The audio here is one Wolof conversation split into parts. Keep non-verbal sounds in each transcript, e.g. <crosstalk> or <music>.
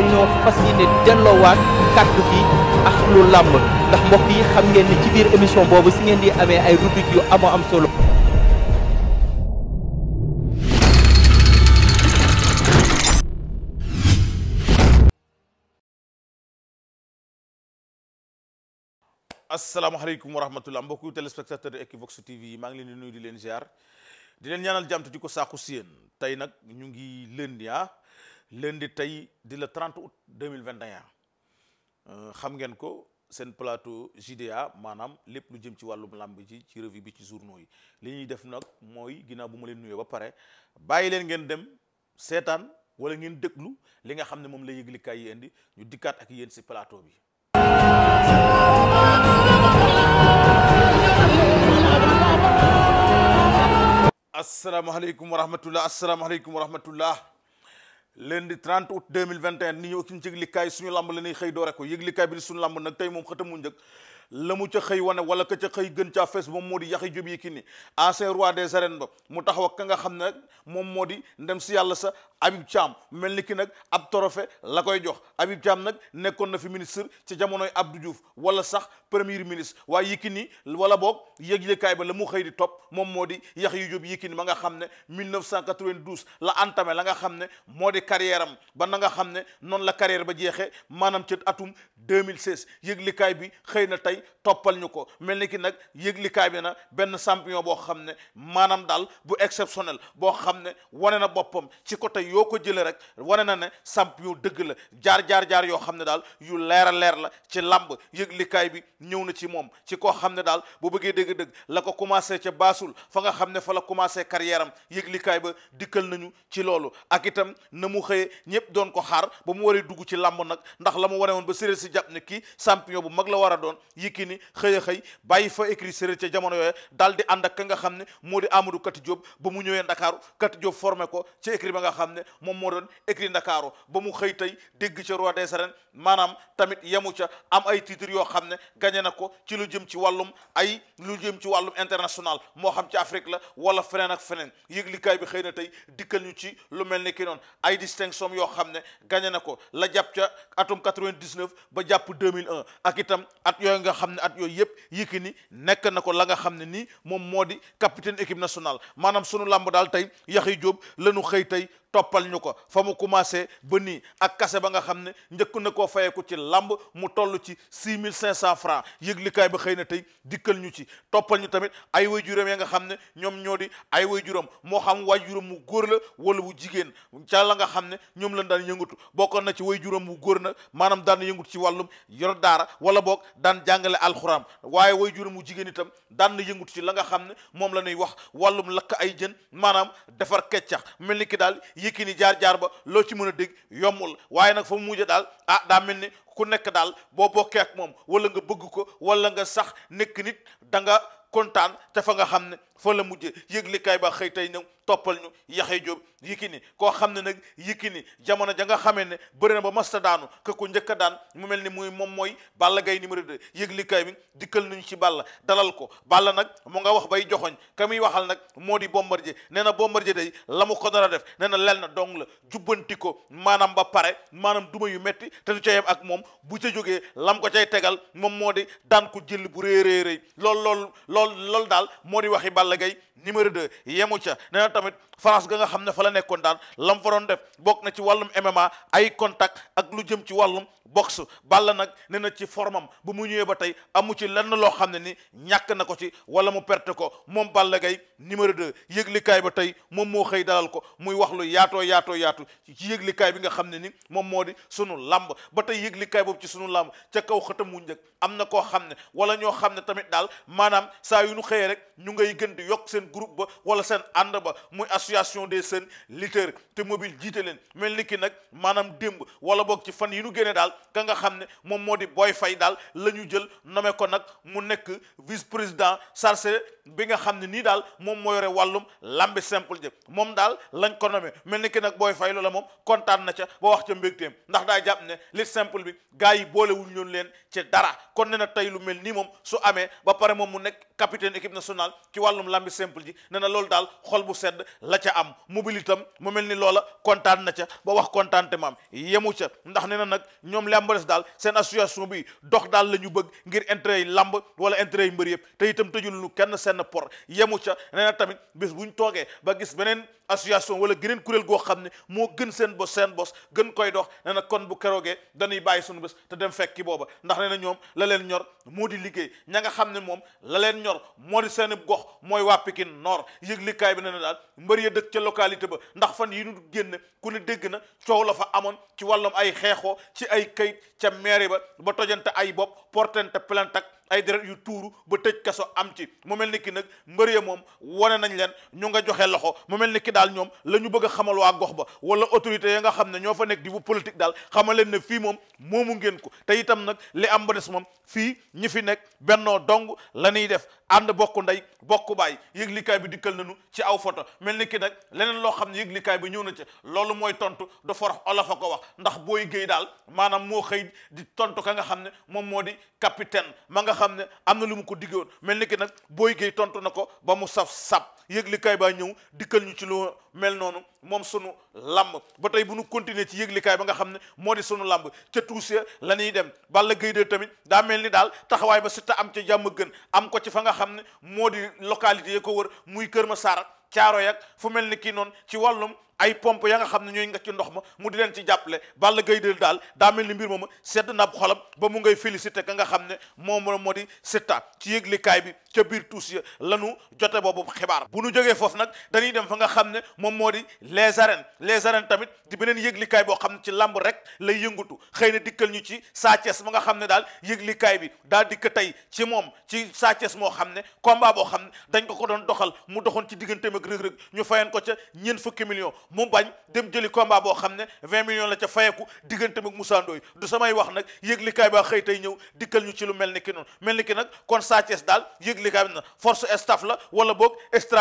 dañoo fas yéene delloowaat kàddu bi ak lu làmb ndax mbokk yi xam ngeen ci biir émission boobu si ngeen di amee ay rubrique yu amoo am solo. asalaamaaleykum wa rahmatullah mbokku téléspectateur Equivox TV yi maa ngi leen di di leen ziar di leen ñaanal jàmm te ko saaku si yéen tey nag ñu ngi lundi ah. leen di tey di la 30 août 2021 euh, xam ngeen ko seen plateau JDA maanaam lépp lu jëm ci wàllu wàllum làmb ji ci revue bi ci journaux yi li ñuy def nag mooy ginnaaw bu ma leen nuyoo ba pare bàyyi leen ngeen dem seetaan wala ngeen déglu li nga xam ne moom la yëglikaay yi indi ñu dikkaat ak yéen si plateau bi. asalaamaaleykum wa rahmatullah asalaamaaleykum wa rahmatullah. lundi 30 août 2021 ni ñëw ci yëglikaay suñu lamb la ñuy xëy doore ko yëglikaay bi di suñu lamb nag tey moom xëtamu njëkk la mu ca xëy wane wala këcc xëy gën caa fees moom moo di yaxi jub yi ki ni ancien roi des arènes ba mu taxaw ak ka nga xam ne nag moom moo di ndem si yàlla sax Habib Thiam mel ni ki nag ab torofe la koy jox Habib Thiam nag nekkoon na fi ministre ci jamonoy ab Abdou Diouf wala sax premier ministre waaye Yékini wala boog yëglekaay ba la mu xëy di topp moom moo di Yaxya Jóob Yékini ma nga xam ne 1992 la entamé la nga xam ne moo di carrière ba na nga xam ne noonu la carrière ba jeexee maanaam ci atum 2016 yëglekaay bi xëy na tey toppal ñu ko mel ni ki nag yëglikaay bi na benn sampion boo xam ne maanaam daal bu exceptionnel boo xam ne wane na boppam ci côté yoo ko jëlee rek wane na ne champion dëgg la jaar jaar jaar yoo xam ne daal yu leera leer la ci làmb yëglikaay bi ñëw na ci moom ci koo xam ne daal bu bëggee dëgg-dëgg la ko commencé ca baasul fa nga xam ne fa la commencé carrière yëglikaay ba dikkal nañu ci loolu ak itam na mu xëyee ñëpp doon ko xaar ba mu waree dugg ci làmb nag ndax la mu wane woon ba séréer si jàpp kii champion bu mag la war a doon Yékini xëy a xëy bàyyi fa écrit séréer ca jamono yooye daal di ànd ak ka nga xam ne moo di Amadou Kati Diop ba mu ñëwee Ndakaaru Kati Diop formé ko ci écrit ba nga xam ne moom moo doon écrit Ndakaaru ba mu xëy tey dégg ca roi des arènes maanaam tamit yemu ca am ay titres yoo xam ne gagné na ko ci lu jëm ci wàllum ay lu jëm ci wàllum international moo xam ci Afrique la wala feneen ak feneen yëglikaay bi xëy na tey dikkal ñu ci lu mel ni ki noonu ay distinction yoo xam ne gagné na ko la jàpp ca atum 99 ba jàpp ak itam at yooyu nga xam ne at yooyu yëpp ni nekk na ko la nga xam ne nii moom moo di capitaine équipe nationale maanaam sunu làmb daal tey Yaxya Jóob la ñu xëy tey toppal ñu ko fa mu commencé ba nii ak kase ba nga xam ne njëkk na koo fayeeku ci làmb mu toll ci six mille cinq cent francs yëglikaay ba xëy na tey dikkal ñu ci toppal ñu tamit ay way juróom ya nga xam ne ñoom ñoo di ay way juróom moo xam way juróom mu góor la wala wu jigéen ca la nga xam ne ñoom lañ daan yëngatu bokkoon na ci way juróom wu góor na maanaam daan yëngatu ci wàllum yor daara wala boog daan jàngale alxuraan waaye way juróom mu jigéen itam daan na yëngatu ci la nga xam ne moom la ñuy wax wàllum lakk ay jën maanaam defar keccax mel ni ki daal Yékini jaar-jaar ba loo ci mën a dégg yombul waaye nag fa mu mujj daal ah daa mel ni ku nekk daal boo bokkee ak moom wala nga bëgg ko wala nga sax nekk nit danga kontaan te fa nga xam ne fa la mujje yëglikaay ba xëy tey ñëw toppal ñu yaxey jóob ni koo xam ne nag ni jamono ja nga xamee ne bëri na ba masta daanu ke ko njëkk a daan mu mel ni muy moom mooy Balla Gaye numéro 2 yëglikaay bi dikkal nañu ci Balla dalal ko Balla nag mu nga wax bay joxoñ ka waxal nag moo di bombar Bombardier nee na Bombardier day la mu ko dara def nee na lel na dong la jubbanti ko maanaam ba pare maanaam duma yu metti te du ca yem ak moom bu ca jógee lam ko cay tegal moom moo di daan ko jël bu réy réy réy lool lool lool loolu daal moo di waxi Balla Balla Gaye numéro 2 yemu ca nee tamit France ga nga xam ne fa la nekkoon daal lam fa doon def bokk na ci wàllum MMA ay contact ak lu jëm ci wàllum boxe Balla nag ne na ci formam bu mu ñëwee ba tey amu ci lenn loo xam ne ni ñàkk na ko ci wala mu perte ko moom Balla Gaye numéro 2 yëglikaay ba tey moom moo xëy dalal ko muy wax lu yaatoo yaatoo yaatu ci yëglikaay bi nga xam ne ni moom moo di sunu làmb ba tey yëglikaay boobu ci sunu làmb ca kaw xëtam wu njëkk am na koo xam ne wala ñoo xam ne tamit daal maanaam saa yu nu xëyee rek ñu ngay gën di yokk seen groupe ba wala seen ànd ba association des jeunes lutteurs te mobile jiite leen mel ni ki nag maanaam démb wala boog ci fan yi nu génne daal ka nga xam ne moom moo di Boy Faye daal la ñu jël nommé ko nag mu nekk vice président chargé bi nga xam ne nii daal moom moo yore wàllum lambi simple jë moom daal lañ ko nommé mel ni ki nag booy Boy Faye la moom kontaan na ca ba wax ca mbégteem ndax daa jàpp ne lit simple bi gars yi boolewuñ ñoon leen ci dara kon ne na tey lu mel nii moom su amee ba pare moom mu nekk capitaine équipe nationale ci wàllum lambi simple ji ne na daal xol bu sedd la ca am mobilité am mu mel ni loola kontaan na ca ba wax contentement yemu ca ndax nee na nag ñoom lambales daal seen association bi dox daal la ñu bëgg ngir intérêt yi lamb wala intérêt yi mbër yëpp te itam tëjul kenn seen por yemu ca nee tamit bis bu ñu toogee ba gis beneen association wala geneen kuréel goo xam ne moo gën seen bos seen bos gën koy dox nee na kon bu keroogee dañuy bàyyi sunu bés te dem fekki booba ndax nee na ñoom la leen ñor moo di liggéey ña nga xam ne moom la leen ñor moo di seen gox mooy waa Pikine Nord yëg likaay bi ne na daal mbër ña dëkk ca localité ba ndax fan yi génne génn ku ne dégg na coow la fa amoon ci wàllum ay xeexoo ci ay kayit ca meeri ba ba tojante ay bopp portante plainte ak ay deret yu tuuru ba tëj kaso am ci mu mel ni ki nag mbër ya moom wane nañ leen ñu nga joxe loxo mu mel ni ki daal ñoom la ñu bëgg a xamal waa gox ba wala autorité ya nga xam ne ñoo fa nekk di bu politique daal xamal leen ne fii moom moomu ngeen ko te itam nag li am ba des fii ñi fi nekk bennoo dong la ñuy def ànd bokk ndey bokk baay yëglikaay bi dikkal nañu ci aw foto mel ni ki nag leneen loo xam ne yëglikaay bi ñëw na ci loolu mooy tontu du forox olof a ko wax ndax booy géey daal maanaam moo xëy di tontu ka nga xam ne moom moo di capitaine ma nga xam ne am na lu mu ko diggoon mel ni ki nag booy géey tontu na ko ba mu saf sap yëglikaay baa ñëw dikkal ñu ci lu mel noonu moom sunu làmb ba tey bu nu continuer ci yëglikaay ba nga xam ne moo di sunu lamb ca tuus ya la ñuy dem Balla Gaye tamit daa mel ni daal taxawaay ba Siteu am ca jàmm gën am ko ci fa nga xam ne moo di localité ya ko wër muy Kër Masar caaro yak fu mel ni kii noonu ci wàllum ay pompe ya nga xam ne ñooy nga ci ndox ma mu di leen ci jàppale Balla Gaye de daal daa mel ni mbir mooma sedd na ab xolam ba mu ngay félicité ka nga xam ne moom moo di Siteu ci yëglikaay bi ca biir tuus ya lanu jote boobu xibaar bu nu jógee foofu nag dañuy dem fa nga xam ne moom moo di les arènes les arènes tamit di beneen yëglikaay boo xam ne ci làmb rek la yëngutu xëy na dikkal ñu ci Sa Thiès nga xam ne daal yëglikaay bi daal dikk tey ci moom ci Sa Thiès moo xam ne combat boo xam ne dañ ko ko doon doxal mu doxoon ci digganteem ak Reug Reug ñu fayan ko ca ñeent fukki millions mu bañ dem jëli combat boo xam ne vingt million la ca fayeku digganteem ak Moussa du samay wax nag yëglikaay ba xëy tey ñëw dikkal ñu ci lu mel ni ki noonu mel ni ki nag kon Sa daal yëglikaay na force staff la wala boog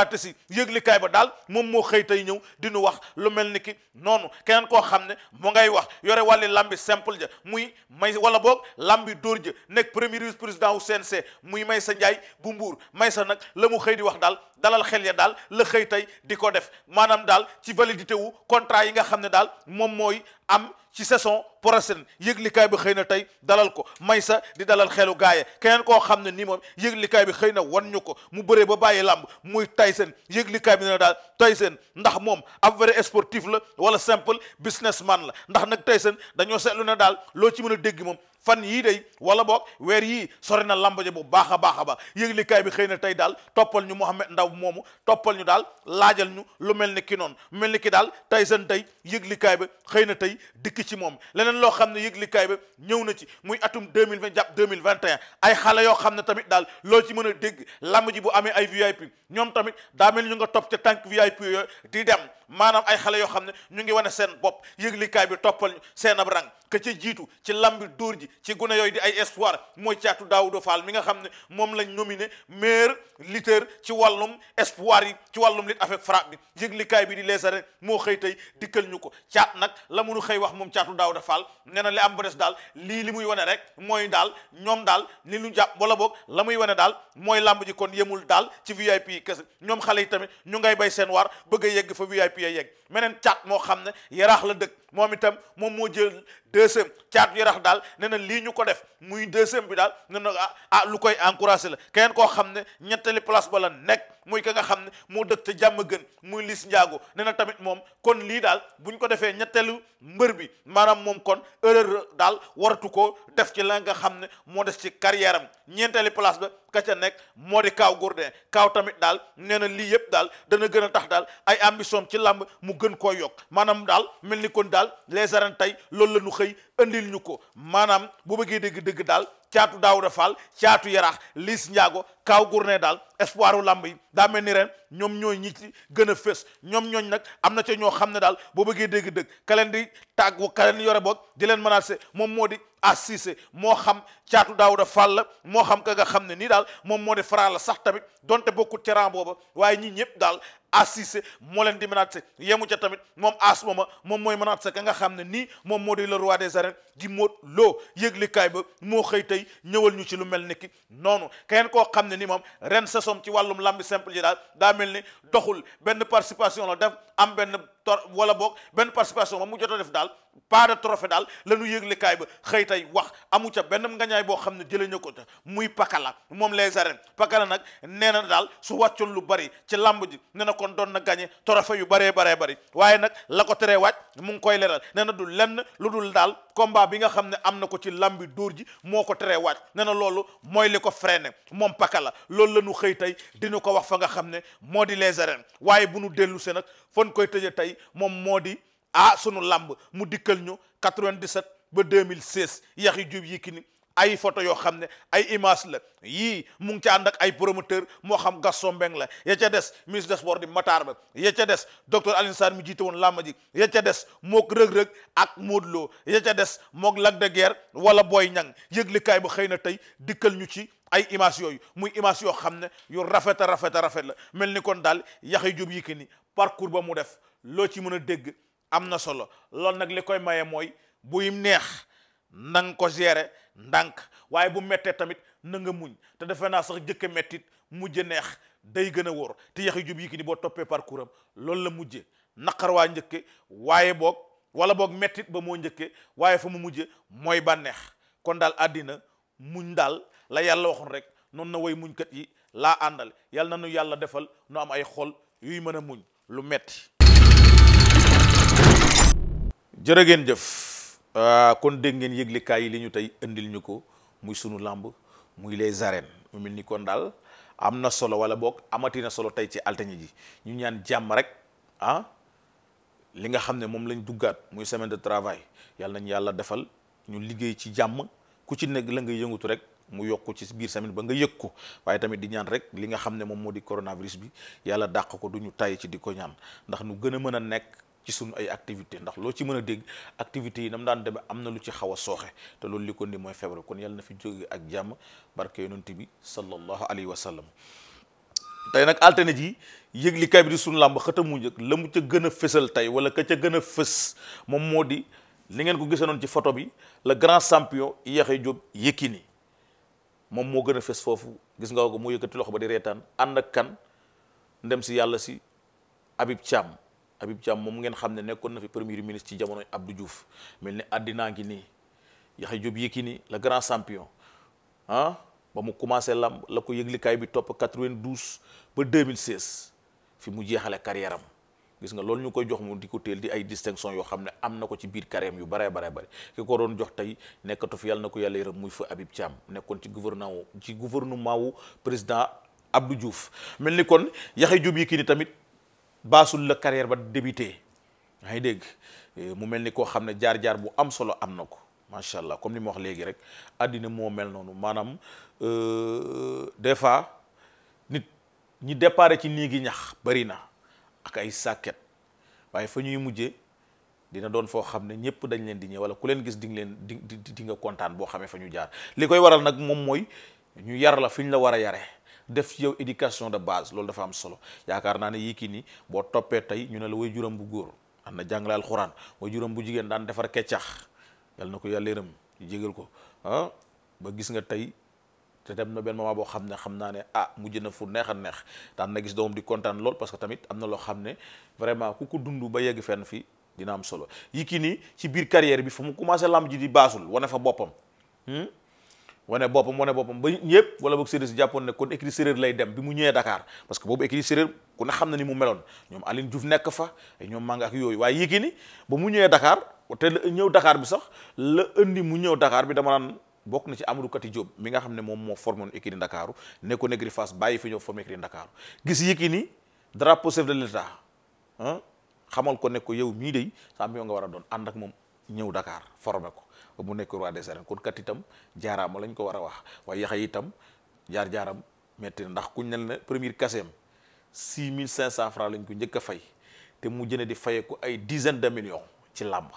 arti si yëglikaay ba daal moom moo xëy tey ñëw di nu wax lu mel ni ki noonu keneen koo xam ne mu ngay wax yore wàlli lambi simple ja muy may wala boog lambi dóor ja nekk premier vice président wu see muy may sa Ndiaye bu may sa nag la mu xëy di wax daal dalal xel ya daal la xëy tey di ko def maanaam daal ci validité wu contrat yi nga xam ne daal moom mooy am ci saison prochaine yëglikaay bi xëy na tey dalal ko may sa di dalal xelu gaaye keneen koo xam ne nii moom yëglikaay bi xëy na wan ñu ko mu bëree ba bàyyi làmb muy Tyson yëglikaay bi ne daal Tyson ndax moom ab vrai sportif la wala simple businessman la ndax nag Tyson dañoo seetlu ne daal loo ci mën a dégg moom fan yii day wala boog weer yii sore na lamb ja bu baax a baax a baax yëglikaay bi xëy na tey daal toppal ñu Mohamed Ndaw moomu toppal ñu daal laajal ñu lu mel ni ki noonu mel ni ki daal tey seen tey yëglikaay bi xëy na tey dikk ci moom leneen loo xam ne yëglikaay bi ñëw na ci muy atum 2020 vingt 2021 ay xale yoo xam ne tamit daal loo ci mën a dégg lamb ji bu amee ay VIP ñoom tamit daa mel ñu nga topp ca tànk VIP yooyu di dem maanaam ay xale yoo xam ne ñu ngi wane seen bopp yëglikaay bi toppal ñu seen ab ka ca jiitu ci lambi dóor ji ci ci yooyu di ay espoir mooy caatu Daouda Fall mi nga xam ne moom lañ nomine meilleur lutteur ci wàllum espoir yi ci wàllum lit avec frappe bi yëglikaay bi di Les moo xëy tey dikkal ñu ko caat nag la munu xëy wax moom caatu Daouda Fall nee na li am ba des daal lii li muy wane rek mooy daal ñoom daal ni ñu jàpp wala boog la muy wane daal mooy làmb ji kon yemul daal ci VIP yi kese ñoom xale yi tamit ñu ngay bay seen waar bëgg a yegg fa VIP ya yegg meneen caat moo xam ne yaraax la dëkk moom itam moom moo jël deuxième caatu yaraax lii ñu ko def muy deuxième bi daal ne na ah, ah lu koy encouragé la keneen koo xam ne ñettali place ba la nekk muy ka nga xam ne moo dëkk ca jàmm gën muy Liss njaago nee na tamit moom kon lii daal bu ñu ko defee ñetteelu mbër bi maanaam moom kon erreur daal waratu ko def ci la nga xam ne moo def ci carrière am ñeenteeli place ba ka ca nekk moo di Kaaw Gourdin Kaaw tamit daal nee na lii yëpp daal dana gën a tax daal ay ambition ci làmb mu gën koo yokk maanaam daal mel ni kon daal les arènes tey loolu la ñu xëy andil ñu ko maanaam bu bëggee dégg-dégg daal caatu Daouda Fall caatu Yaraax Liis Njaago Kaaw Gourné daal espoir u yi daa mel ni ren ñoom ñooy ñi ci gën a fës ñoom ñooñ nag am na ca ñoo xam ne daal boo bëggee dégg dëgg ka di tàggu ka leen yore boog di leen se moom moo di As Cissé moo xam caatu Daouda Fall la moo xam ka nga xam ne nii daal moom moo di Franc sax tamit donte bokkut ci rang booba waaye ñii ñëpp daal As Cissé moo leen di menacé yemu ca tamit moom as mooma moom mooy menacé ka nga xam ne nii moom moo di le roi des arènes di Modou Lo yëglikaay ba moo xëy tey ñëwal ñu ci lu mel ni ki noonu keneen ko xam ne nii moom ren saison ci wàllum lambi simple ji daal daa mel ni doxul benn participation la am benn tor wala boog benn participation ba mu jot a def daal pas de trophée daal la ñu yëgle ba xëy tey wax amu ca benn ngañaay boo xam ne jëlee na ko ca muy pakala moom les arènes pakala nag nee na daal su wàccoon lu bari ci lamb ji nee na kon doon na gagné trophée yu baree baree bari waaye nag la ko teree wàcc mu ngi koy leeral nee na du lenn lu dul daal combat bi nga xam ne am na ko ci lambi dóor ji moo ko teree wàcc nee na loolu mooy li ko freiné moom pakala loolu la ñu xëy tey dina ko wax fa nga xam ne moo di les arènes waaye bu nu dellu see nag fan koy tëjee tey moom moo di ah sunu làmb mu dikkal ñu 97 ba 2016 jub Jóob ni ay photo yoo xam ne ay image la yii mu ngi ca ànd ak ay promoteur moo xam Gaston Mbengue la ya ca des ministre des sports di mataar Ba ya ca des docteur Alioune Sarr mi jiite woon làmb ji ya des mook rëg-rëg ak Modou Lo ya ca des mook Lac de Guiers wala Boy Niang yëglikaay bu xëy na tey dikkal ñu ci ay image yooyu muy image yoo xam ne yu rafet a rafet a rafet la mel ni kon daal Yaxya Jóob Yékini parcours ba mu def loo ci mën a dégg am na solo loolu nag li koy maye mooy buy neex nang ko gere ndànk waaye bu mettee tamit nanga muñ te defe naa sax jëkk mettit mujj neex day gën a wóor te yax yu jub yi ki ni boo toppee parcours am loolu la mujje naqar waa njëkke waaye boog wala boog mettit ba moo njëkke waaye fa mu mujje mooy bànneex kon daal àddina muñ daal la yàlla waxoon rek noonu na way muñkat yi laa àndal yàlla na nu yàlla defal nu am ay xol yuy mën a muñ lu metti jërë ngeen jëf euh, kon dégg ngeen yëglikaay yi li ñu tey indil ñu ko muy sunu làmb muy les arènes mu mel ni kon daal am na solo wala boog amati na solo tey ci altine ji ñu ñaan jàmm rek ah li nga xam ne moom lañ duggaat muy semaine de travail yàlla nañu yàlla defal ñu liggéey ci jàmm ku ci nekk la nga yëngutu rek mu yokk ci biir semaine ba nga yëg ko waaye tamit di rek li nga xam ne moom moo di coronavirus bi yàlla dàq ko du ñu tey ci di ko ñaan ndax nu gën a mën a nekk ci ay activité ndax loo ci mën a dégg activités yi nam daan demee am na lu ci xaw a sooxe te loolu li ko ni mooy feebar kon yàlla na fi jóge ak jàmm barke yonent bi sallallahu alayhi wa sallam tey nag altene ji yëglikaay bi di suñu làmb xët mu njëkk la mu ca gën a fësal tey wala ka ca gën a fës moom moo di li ngeen ko gisanoon ci photo bi le grand champion Yaxya Jóob ni moom moo gën a fës foofu gis nga ko mu yëkkati loxo ba di reetaan ànd ak kan si yàlla si Habib Habib Thiam moom ngeen xam ne nekkoon na fi premier ministre ci jamonoy Abdou Diouf mel ni àddinaa ngi nii Yaxya Jóob Yékini le grand champion ah ba mu commencé la la ko yëglikaay bi topp 92 ba 2016 fi mu jeexale carrière gis nga loolu ñu koy jox mu di ko teel di ay distinction yoo xam ne am na ko ci biir carrière yu bare bare bare ki ko doon jox tey nekkatu fi yàlla na ko yàlla yërëm muy fa Habib Thiam nekkoon ci gouvernement wu ci gouvernement wu président Abdou Diouf mel ni kon Yaxya Jóob Yékini tamit baasul la carrière ba débuté yaa ngi dégg eh, mu mel ni koo xam ne jaar-jaar bu am solo am na ko macha allah comme ni mu wax léegi rek àddina moo mel noonu maanaam euh, des fois nit ñi déparé ci nii gi ñax bari na ak ay sàkket waaye fa ñuy mujjee dina doon foo xam ne ñëpp dañ leen di ñëw wala ku leen gis di leen di di nga kontaan boo xamee fa ñu jaar li koy waral nag moom mooy ñu yar la fi ñu la war a yare def ci yow éducation de base loolu dafa am solo yaakaar naa ne yii kii nii boo toppee tey ñu ne la way juróom bu góor am na jàngale alxuraan way juram bu jigéen daan defar keccax yal na ko yàlla yërëm jégal ko ah ba gis nga tey te dem na benn moment boo xam ne xam naa ne ah mujj na fu neex a neex daan na gis doomam di kontaan lool parce que tamit am na loo xam ne vraiment ku ko dund ba yegg fenn fi dina am solo yi kii nii ci biir carrière bi fa mu commencé lamb ji di baasul wane fa boppam hmm? wane boppam wane boppam ba ñëpp wala boog séeréer si jàppoon ne kon écurie séeréer lay dem bi mu ñëwee Dakar parce que boobu écurie séeréer ku ne xam na ni mu meloon ñoom Aline Diouf nekk fa ñoom Manga ak yooyu waaye ñëw dakaar bi sax la indi mu ñëw Dakar bi dama naan bokk na ci Amadou Kati Diop mi nga xam ne moom moo formé woon écurie Ndakaaru nekkoon écurie Fass bàyyi fi ñoo formé écurie Ndakaaru gis Yékini drapeau chef de l'État ah xamal ko ne ko yow mii de champion nga war a doon ànd ak moom ñëw dakaar formé ko ba mu nekk roi des arènes kon kat itam jaaraama ko war a wax waaye yaxa itam jaar jaaram metti na ndax kuñ ne la premier kaseem 6500 francs lañ ko njëkk a fay te mu jëne di faye ko ay dizaine de millions ci làmb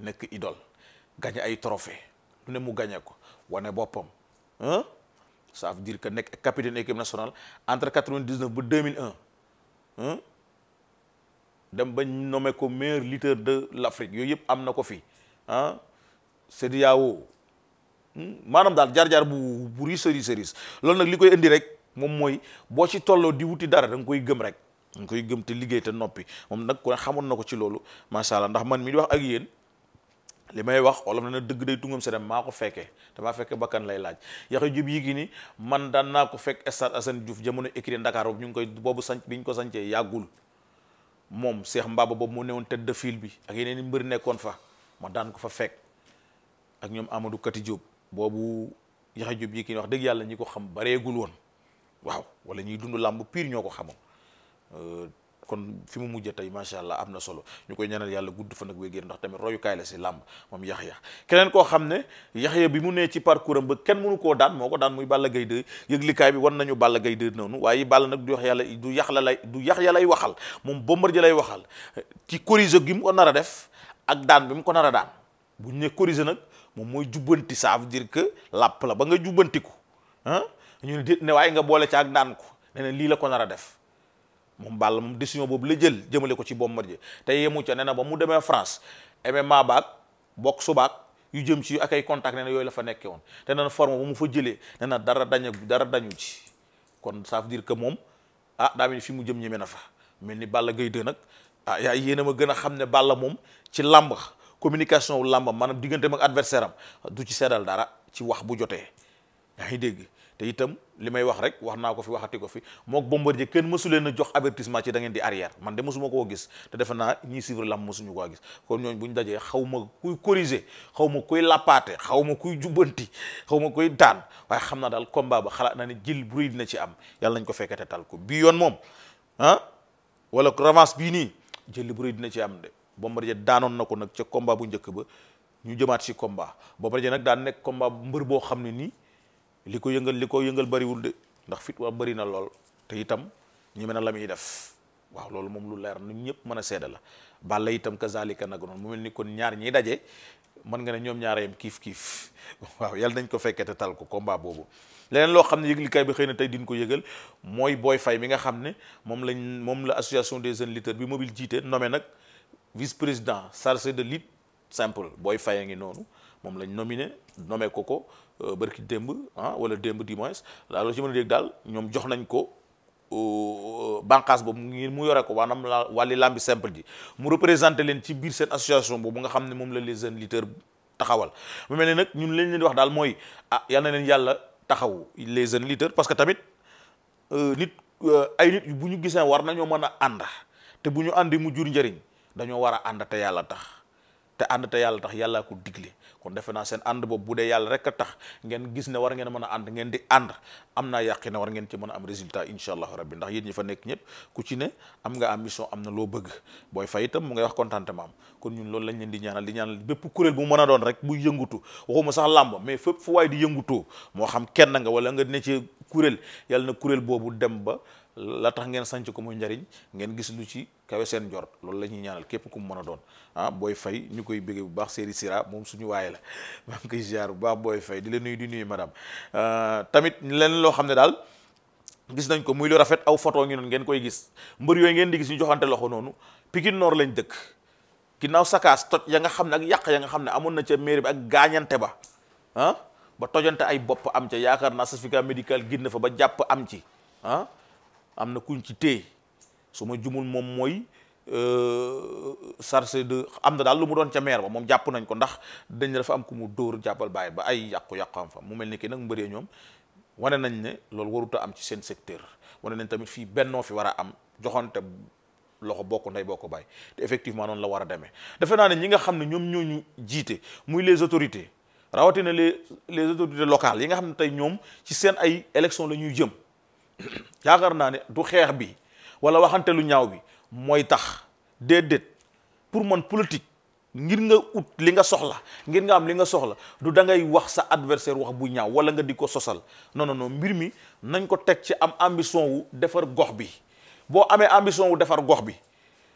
nekk idol gañe ay trophée lu ne mu gañe ko wane boppam ah ça veut dire que nekk capitaine équipe nationale entre 99 ba 2001 ah dem ba nome ko meilleur lutteur de l'Afrique yooyu yëpp am na ko fii CEDEAO hmm? maanaam daal jaar-jaar bu bu riis riis riis loolu nag li koy indi rek moom mooy boo ci tolloo di wuti dara danga koy gëm rek da nga koy gëm te liggéey te noppi moom nag ko xamoon na ko ci loolu macha allah ndax man mi di wax ak yéen li may wax wala na dëgg day tungam sedem maa ko fekkee damaa fekke bakkan lay laaj yaxe jub yi gi ni man daan naa ko fekk stade Assane Diouf jamono écrit Dakar boobu ñu ngi koy boobu sanc bi ñu ko sancee yàggul moom Cheikh Mbaba boobu moo newoon tête de file bi ak yeneen i mbër nekkoon fa ma ko fa fekk ak ñoom amadu Kati Diop boobu Yaxa Diop yi ki wax dëgg yàlla ñi ko xam bareegul woon waaw wala ñuy dund làmb piir ñoo ko xamoon euh, kon fi mu mujj tey macha allah am na solo ñu koy ñaanal yàlla gudd fan ak wér ndax tamit royukaay la si làmb moom Yaxya keneen koo xam ne yax Yaxya bi mu nee ci parcours am ba kenn mënu koo daan moo ko daan muy Balla Gaye 2 yëglikaay bi war nañu Balla Gaye noonu waaye Balla nag du wax yàlla du yax la lay du yax lay waxal moom Bombardier lay waxal ci corrigé gi mu ko nar a def ak daan ko nar a daan bu nag moom mooy jubbanti ça veut dire que làpp la ba nga jubbantiku ah ñu ne déet ne waaye nga boole ci ak daan ko ne lii la ko nar a def moom Balla moom décision boobu la jël jëmale ko ci Bombardier te yemu ca ne na ba mu demee France MMA baag bokk subaak yu jëm ci ak ay contact na yooyu la fa nekkee woon te ne na forme mu fa jëlee ne dara dañu dara dañu ci kon ça veut que moom ah daa fi mu jëm ñeme na fa mel ni Balla Gaye nag ah yaa yéen a ma gën a xam ne Balla moom ci làmb communication wu làmbam maanaam diggante ak adversaire am du ci seddal dara ci wax bu jotee yaa ngi dégg te itam li may wax rek wax naa ko fi waxati ko fi mook Bombardier kenn mësu leen a jox ci da di arrière man de mësuma koo gis te defe naa ñiy suivre làmb mësuñu koo gis kon ñooñ bu dajee xaw ma kuy xaw ma kuy lappaate xaw ma kuy jubbanti xaw ma kuy daan waaye xam naa daal combat xalaat naa ne jël bu rëy dina ci am yàlla nañ ko fekkete tal ko bii yoon moom ah wala bii nii jëlli bu rëy dina ci am de Bombardier daanoon na ko nag ca komba bu njëkk ba ñu jëmaat si combat Bombardier nag daan nekk combat mbër boo xam ne nii li ko yëngal li ko yëngal bariwul de ndax fit waa bari na lool te itam ñu mën a la muy def waaw loolu moom lu leer nu ñëpp mën a seede la Balla itam kazalika nag noonu mu mel ni kon ñaar ñiy daje mën nga ne ñoom ñaarayam kiif kiif <laughs> waaw yàlla nañ ko fekkee te tal ko combat boobu leneen loo xam ne yëglikaay bi xëy na tey din ko yëgal mooy Boy Faye mi nga xam ne moom lañ moom la association des jeunes bi mobile jiite nommé nag vice président chargé de lutte simple booy fay a ngi noonu moom lañ nominé nommé ko ko euh, bërki démb ah wala démb du moins laaloo ci mën a dégg daal ñoom jox nañ ko euh, bànqaas boobu ngir mu yore ko waanaam la wàlli làmbi simple ji mu représenté leen ci biir seen association boobu nga xam ne moom la les jeunes lutteurs taxawal mu mel ne nag ñun lañ leen di wax daal mooy a ah, yal na leen yàlla taxaw les jeunes lutteurs parce que tamit euh, nit ay nit bu ñu gisee war nañoo mën a ànd te bu ñu àndi mu jur njëriñ dañoo war a ànd te yàlla tax te ànd te yàlla tax yàlla ko digle kon defe naa seen ànd boobu bu dee yàlla rek a tax ngeen gis ne war ngeen mën a ànd ngeen di ànd am naa yàqi ne war ngeen ci mën a am résultat incha allahu rabbi ndax yéen ñi fa nekk ñëpp ku ci ne am nga ambition am na loo bëgg booy fay itam mu ngay wax contentement am kon ñun loolu lañ leen di ñaanal di ñaanal bépp kuréel bu mën a doon rek buy yëngutu waxuma sax làmb mais fépp fu waay di yëngutoo moo xam kenn nga wala nga ne ci kuréel yàlla na kuréel boobu dem ba la tax ngeen sanc ko muy njariñ ngeen gis lu ci kawe seen jort loolu la ñuy ñaanal képp ku mu mën a doon ah booy fay ñu koy bëggee bu baax Serigne Sira moom suñu waaye la <laughs> maa ngi koy bu baax booy fay di la nuyu di ah, tamit leen loo xam ne daal gis nañ ko muy lu rafet aw photo ngi ngeen koy gis mbër yooyu ngeen di gis ñu joxante loxo noonu Pikine Nord lañ dëkk ginnaaw sakaas toj ya nga xam ne ak yàq ya nga xam ne amoon na ca mairie ak gaañante ba ah ba tojante ay bopp am ca yaakaar naa certificat médical génn fa ba jàpp am ci ah am na kuñ ci téye su ma jumul moom mooy euh, chargé de am na daal lu mu doon ca maire ba moom jàpp nañ ko ndax dañ dafa am ku mu dóor jàppal bàyyi ba ay yàqu-yàqu am fa mu mel ni ki nag mbëree ñoom wane nañ ne loolu waruta am ci seen secteur wane nañ tamit fii bennoo fi war a am joxante loxo bokk ndey bokk bàyyi te effectivement noonu la war a demee defe naa ne ñi nga xam ne ñoom ñoo ñu jiite muy les autorités rawatina les les autorités locales yi nga xam ne tey ñoom ci seen ay élection la ñuy jëm <clears throat> yaakaar naa ne du xeex bi wala waxante lu ñaaw bi mooy tax déedéet pour man politique ngir nga ut li nga soxla ngir nga am li nga soxla du dangay wax sa adversaire wax bu ñaaw wala nga di ko sosal non non mbir mi nañ ko teg ci am ambition wu defar gox bi boo amee ambition wu defar gox bi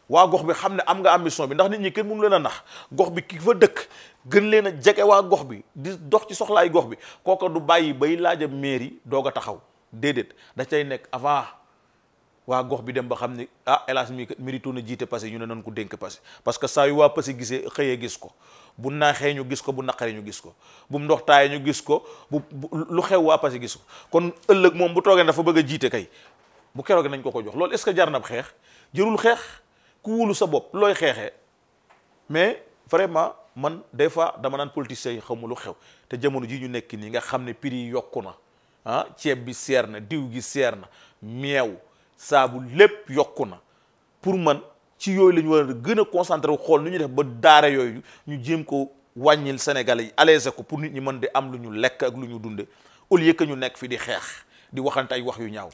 waa gox bi xam ne am nga ambition bi ndax nit ñi kenn mënu leen a nax gox bi ki fa dëkk gën leen a jege waa gox bi di dox ci soxlaay gox bi kooka du bàyyi bay laaj a mairie doog a taxaw déedéet da cay nekk avant waa gox bi dem ba xam ni ah hélas mi mérito na jiite Passy ñu ne noonu ko dénk Passy parce que saa yu waa Passy gisee xëyee gis ko bu naaxee ñu gis ko bu naqaree ñu gis ko bu ndox taayee ñu gis ko bu lu xew waa Passy gis ko kon ëllëg moom bu toogee dafa bëgg a jiite kay bu keroog nañ ko ko jox loolu est ce que jar xeex jërul xeex ku wulu sa bopp looy xeexee mais vraiment man des fois dama naan politiciens yi xamu lu xew te jamono ji ñu nekk nii nga xam ne prix yi yokku na. ah ceeb bi seer na diw gi seer na meew saabu lépp yokku na pour man ci yooyu la ñu war a gën a concentre wu xool nu ñu def ba daare yooyu ñu jéem ko wàññil Sénégalais yi alléger ko pour nit ñi mën di am lu ñu lekk ak lu ñu dunde au lieu que ñu nekk fi di xeex di waxante ay wax yu ñaaw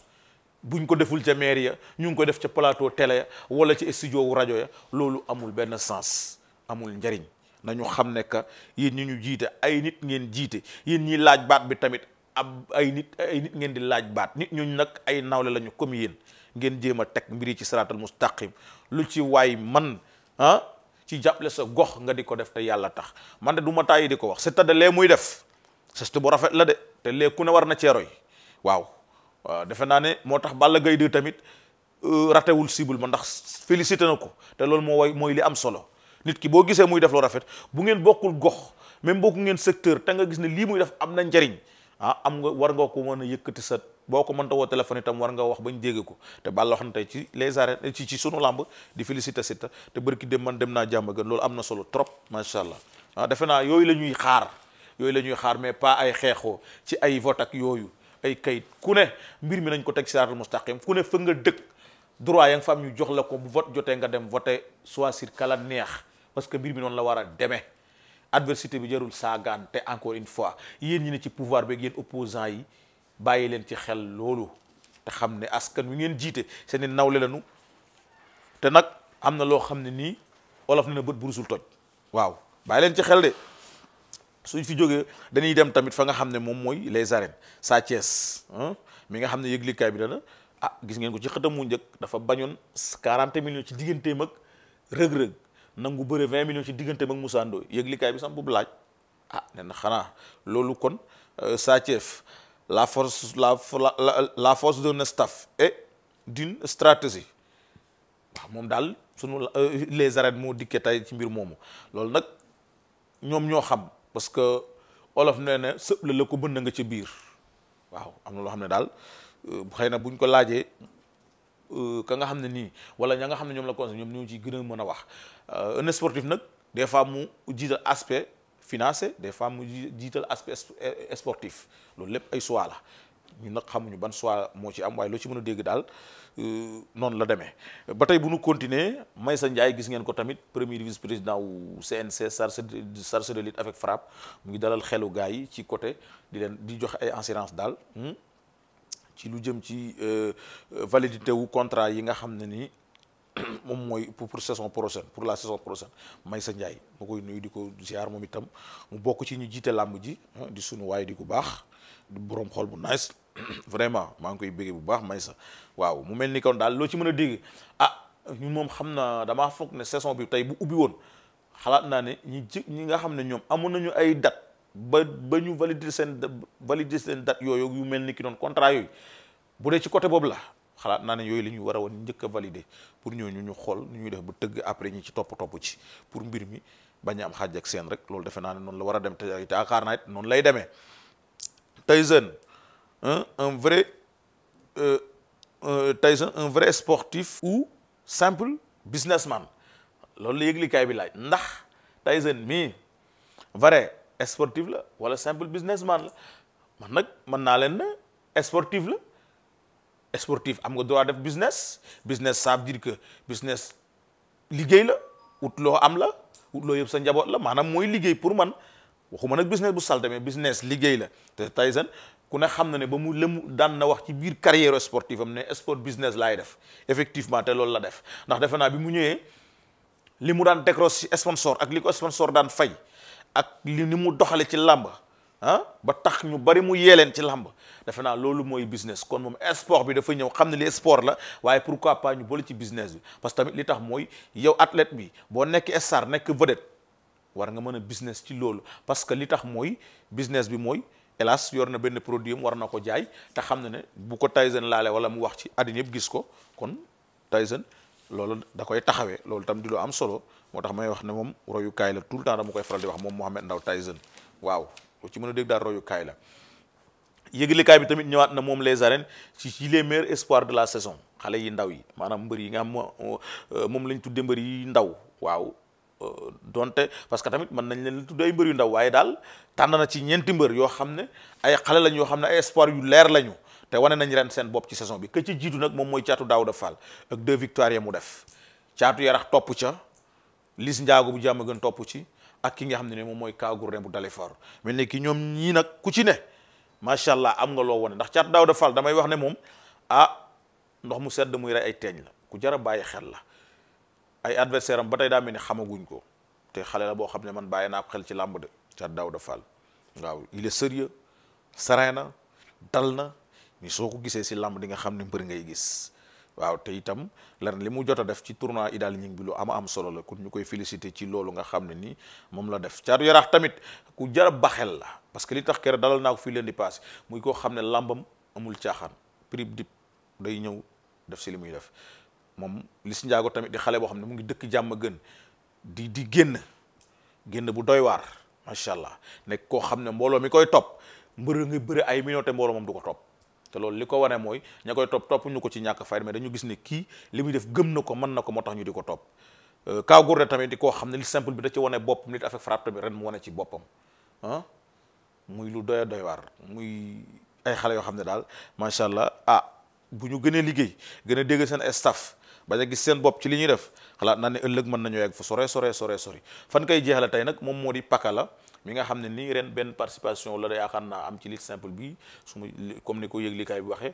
buñ ko deful ca mairie ya ñu ngi ko def ca plateau tele ya wala ci studio wu rajo ya loolu amul benn sens amul njariñ nañu xam ne que yéen ñi ñu jiite ay nit ngeen jiite yéen ñi laaj baat bi tamit ab ay nit ay nit ngeen di laaj baat nit ñooñu nag ay nawle lañu comme yéen ngeen jéem a teg mbiri ci siraatal mustaqim lu ci waay man ah ci jàppale sa gox nga di ko def te yàlla tax man de du ma di ko wax c'est à lee muy def c'est bu rafet la de te lee ku ne war na cee roy waaw waaw defe naa ne moo tax Balla Gaye 2 tamit euh, ratewul cible ma ndax félicité na ko te loolu moo way mooy li am solo nit ki boo gisee muy def lu rafet bu ngeen bokkul gox même bokku ngeen secteur te nga gis ne lii muy def am na njariñ ah am nga war nga ko mën a yëkkati sa boo ko mënta woo téléphone itam war nga wax bañ dégg ko te Balla wax na tey ci les arènes ci sunu làmb di féliciter Siteu te bërki dem man dem naa jàmm gën loolu am na solo trop macha allah ah defe naa yooyu la ñuy xaar yooyu la ñuy xaar mais pas ay xeexoo ci ay vote ak yooyu ay kayit ku ne mbir mi nañ ko teg siraatal mustaqim ku ne fa nga dëkk droit ya nga fa am ñu jox la ko bu vote jotee nga dem voter soit sur neex parce que mbir mi noonu la war a demee adversité bi jarul saagaan te encore une fois yéen ñi ne ci pouvoir beeg yéen opposants yi bàyyi leen ci xel loolu te xam ne askan wi ngeen jiite seen i nawle lañu te nag am na loo xam ne nii olof na na bët burusul toj waaw bàyyi leen ci xel de suñ fi jógee dañuy dem tamit fa nga xam ne moom mooy les arènes Sa Thiès mi nga xam ne yëglikaay bi dana ah gis ngeen ko ci xëtam mu njëkk dafa bañoon 40 millions ci digganteem mag rëg-rëg nangu bëre 20 millions ci diggante mag Moussa Ndoye yëglikaay bi sax bu laaj ah nee na xanaa loolu kon euh, Sa Thiès la force la la la force d'un staff et d'une stratégie waaw moom daal sunu euh, les arènes moo dikkee tey ci mbir moomu loolu nag ñoom ñoo xam parce que olof nee na sëb la la ko bënn nga ca biir waaw am na loo xam ne daal euh, xëy na buñ ko laajee Euh, ka nga xam ne nii wala ña nga xam ne ñoom la conseil ñoom ñoo ciy gën a mën a wax euh, un sportif nag des fois mu jiital aspect financier des fois mu jiital aspect euh, sportif loolu lépp ay choix la ñun nag xamuñu ban choix moo ci am waaye loo ci mën a dégg daal noonu la demee ba tey bu nu continuer sa Ndiaye gis ngeen ko tamit premier vice président wu CNC chargé de lutte avec frappe mu ngi dalal xelu gars yi ci côté di leen di jox ay assurance daal hmm? ci lu jëm ci euh, validité wu contrat yi nga xam ne ni <clears throat> moom mooy pour saison prochaine pour la saison may sa Ndiaye ma koy nuyu di ko ziar moom itam mu bokk ci ñu jiite làmb ji ah, di sunu waaye di ku baax di borom xol bu nice <clears throat> vraiment maa ngi koy bëggee bu baax may Maysa waaw mu mel ni kon daal loo ci mën a dégg ah ñu moom xam naa damaa foog ne saison bi tey bu ubbi woon xalaat naa ne ñi ji ñi nga xam ne ñoom amoon nañu ay dat ba ba ñu valider seen valider seen date yooyu yu mel ni ki noonu contrat yooyu bu dee ci côté boobu la xalaat naa ne yooyu la ñu war a woon njëkk a valider pour ñooñu ñu ñu xool nu ñuy def bu tëgg après ñi ci topp topp ci pour mbir mi bañ am xaaj ak seen rek loolu defe naa ne noonu la war a dem te yaakaar naa noonu lay demee Tyson un vrai euh, euh, Tyson un vrai sportif ou simple businessman loolu la yëglikaay bi laaj ndax Tyson mii vrai sportive la wala simple businessman la man nag mën naa leen na sportive la sportif am nga droit def business business ça veut business liggéey la ut loo am la ut loo yëpp sa njaboot la maanaam mooy liggéey pour man waxuma nag business bu salte mais business liggéey la te Tyson ku ne xam na ne ba mu lëmu daan na wax ci biir carrière sportive am ne sport business laay def effectivement te loolu la def ndax defe naa bi mu ñëwee li mu daan décroche ci sponsor ak li ko daan fay ak li ni mu doxale ci làmb ah ba tax ñu bari mu yee leen ci làmb defe naa loolu mooy business kon moom sport bi dafa ñëw xam ne li sport la waaye pourquoi pas ñu boole ci business bi parce que tamit li tax mooy yow athlète bi boo nekk star nekk vedette war nga mën a business ci loolu parce que li tax mooy business bi mooy hélas yor na benn produit am war na ko jaay te xam na ne bu ko Tyson laale wala mu wax ci àddina yëpp gis ko kon Tyson loolu da koy taxawee loolu tam di lu am solo moo tax may wax ne moom royukaay la tout le temps dama koy faral di wax moom Mouhamed Ndao Tyson waaw lu ci mën a dégg daal royukaay la yëglekaay bi tamit ñëwaat na moom les arènes ci ci les meilleurs espoirs de la saison xale yi ndaw yi maanaam mbër yi nga xam euh, moom lañ tuddee mbër yi ndaw waaw euh, donte parce que tamit mën nañ leen tudd ay mbër yu ndaw waaye daal tànn na ci ñeenti mbër yoo xam ne ay xale lañ yoo xam ne ay espoir yu leer lañu te wane nañ ren seen bopp ci saison bi que ci jiitu nag moom mooy caatu Daouda Fall ak deux victoires mu def caatu yarax topp ca lis njaago bu jàmm gan topp ci ak ki nga xam ne ne moom mooy kaagourdin bu Dalifort mel ne ki ñoom ñii nag ku ci ne macha allah am nga loo wone ndax caat daaw dafal damay wax ne moom ah ndox mu sedd muy rey ay teeñ la ku jar a bàyyi xel la ay adversaire am ba tey daa mel ni xamaguñ ko te xale la boo xam ne man bàyyi naa ko xel ci làmb de caat daaw dafal waaw il est sérieux na dal na ni soo ko gisee si làmb di nga xam ne mbër ngay gis waaw te itam lan li mu jot def ci tournoi Idal Gningue bi lu am am solo la kon ñu koy féliciter ci loolu nga xam ne nii moom la def caatu yaraax tamit ku jara a baxel la parce que li tax kere dalal naa ko fii leen di paase koo xam ne làmbam amul caaxaan prix dip day ñëw def si li muy def moom Liss njaago tamit di xale boo xam ne mu ngi dëkk jàmm gën di di génn génn bu doy waar macha allah nekk koo xam ne mbooloo mi koy topp mbër nga bëri ay millions te mbooloo moom du ko topp. te loolu li ko wane mooy ña koy topp topp ñu ko ci ñàkk fayda mais dañu gis ne kii li muy def gëm na ko mën na ko moo tax ñu di ko topp euh, Kaw Gourdin tamit di koo xam ne li simple bi da ci wane boppam nit avec frappe bi ren mu wane ci ah. muy lu doy doy waar muy ay xale yoo xam ne daal macha allah ah bu ñu gënee liggéey gën a dégg seen staff ba nga gis seen bopp ci li ñuy def xalaat naa ne ëllëg mën nañoo yegg fu sore sore sore sori fan kay jeexale tey nag moom moo di paka la mi nga xam ne nii ren benn participation la yaakaar naa am ci lutte simple bi su ma comme ni ko yëglikaay bi waxee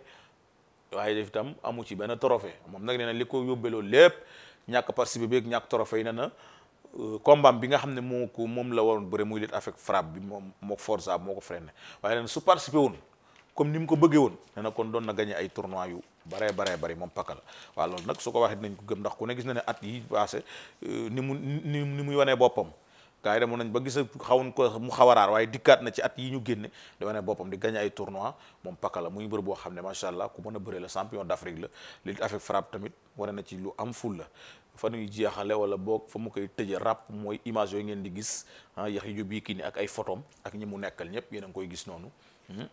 waaye def itam amu ci benn trophée moom nag nee na li ko yóbbeloo lépp ñàkk participer beeg ñàkk trophée yi ne na euh, baam bi nga xam ne moo ko moom la waroon bëre muy lutte avec frappe bi moom moo ko forza moo ko freiné waaye ren su participer woon comme ni mu ko bëggee woon nee na kon doon na gañee ay tournois yu bare bare bari moom pakal waaw nag su ko waxee dinañ ko gëm ndax ku ne gis na ne at yi passé euh, ni mu ni muy wanee boppam gars yi demoon nañ ba gisa xawuñ ko mu xawaraar waaye dikkaat na ci at yi ñu génne di wane boppam di gagné ay tournoi moom paka la muy boo xam ne macha allah ku a bëre la champion d'Afrique la lutte avec frappe tamit wane na ci lu am ful la fa nuy jeexale wala boog fa mu koy tëje rap mooy image yooyu ngeen di gis ah yax yu bii kii ak ay photom ak ñi mu nekkal ñëpp yéen a ngi koy gis noonu hmm?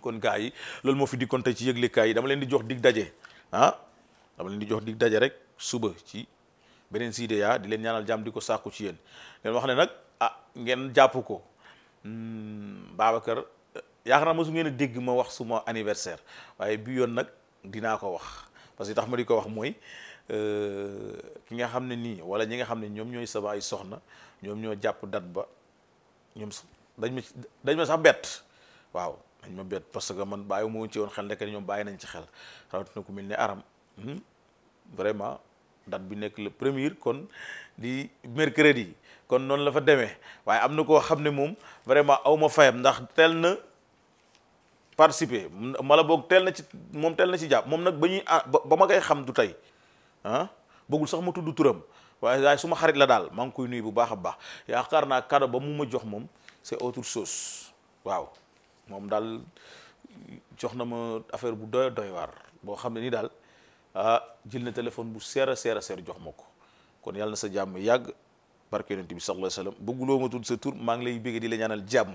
kon gars yi loolu moo fi di konte ci yëgle yi dama leen di jox dig daje ah dama leen di jox dig daje rek suba ci beneen sideya di leen ñaanal jàmm di ko sàkku ci yéen leen wax ne nag ah ngeen jàpp ko hmm, Babacar yaakaar naa mosu ngeen dégg ma wax suma anniversaire waaye bi yoon nag dinaa ko wax parce que tax ma di ko wax mooy euh, ki nga xam ne nii wala ñi nga xam ne ñoom ñooy sama ay soxna ñoom ñoo jàpp dat ba ñoom dañ ma dañ ma sax bett waaw dañ ma bett parce que man bàyyi ma ci woon xel ndekk ñoom bàyyi nañ ci xel rawatina ku mel ne aram hmm, vraiment date bi nekk le premier kon di mercredi kon noonu la fa demee waaye am na koo xam ne moom vraiment aw ma fayam ndax teel na participer mala boog teel na ci moom teel na ci jàpp moom nag ba ñuy ah, ba ma koy xam du tey ah bëggul sax ma tudd turam waaye waaye su ma xarit la daal maa ngi koy nuyu bu baax a baax yaakaar naa cadeau ba mu ma jox moom c'est autre chose waaw moom daal jox na ma affaire bu doy doy waar boo xam ne nii daal. ah jël na téléphone bu seer a seer a seer jox ma ko kon yàlla na sa jàmm yàgg barke yonent bi sa alayhi wa bëgguloo ma tudd sa tur maa ngi lay bégg di la ñaanal jàmm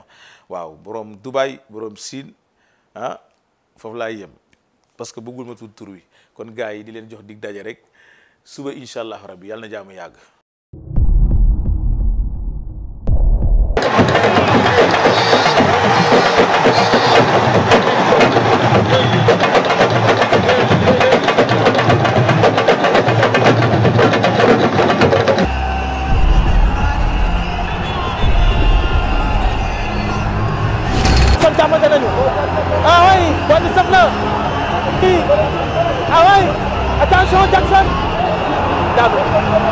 waaw borom Dubaay borom Siin ah foofu laay yem parce que bëggul ma tudd tur wi kon gars yi di leen jox dig daje rek suba incha allah rabbi yàlla na jàmm yàgg. attention Jackson daanu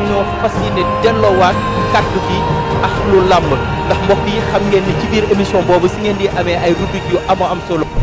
dañoo fas yéene delloowaat kàddu bi ak lu làmb ndax mbokk yi xam ngeen ni ci biir émission boobu si ngeen di amee ay rubrique yu am am solo.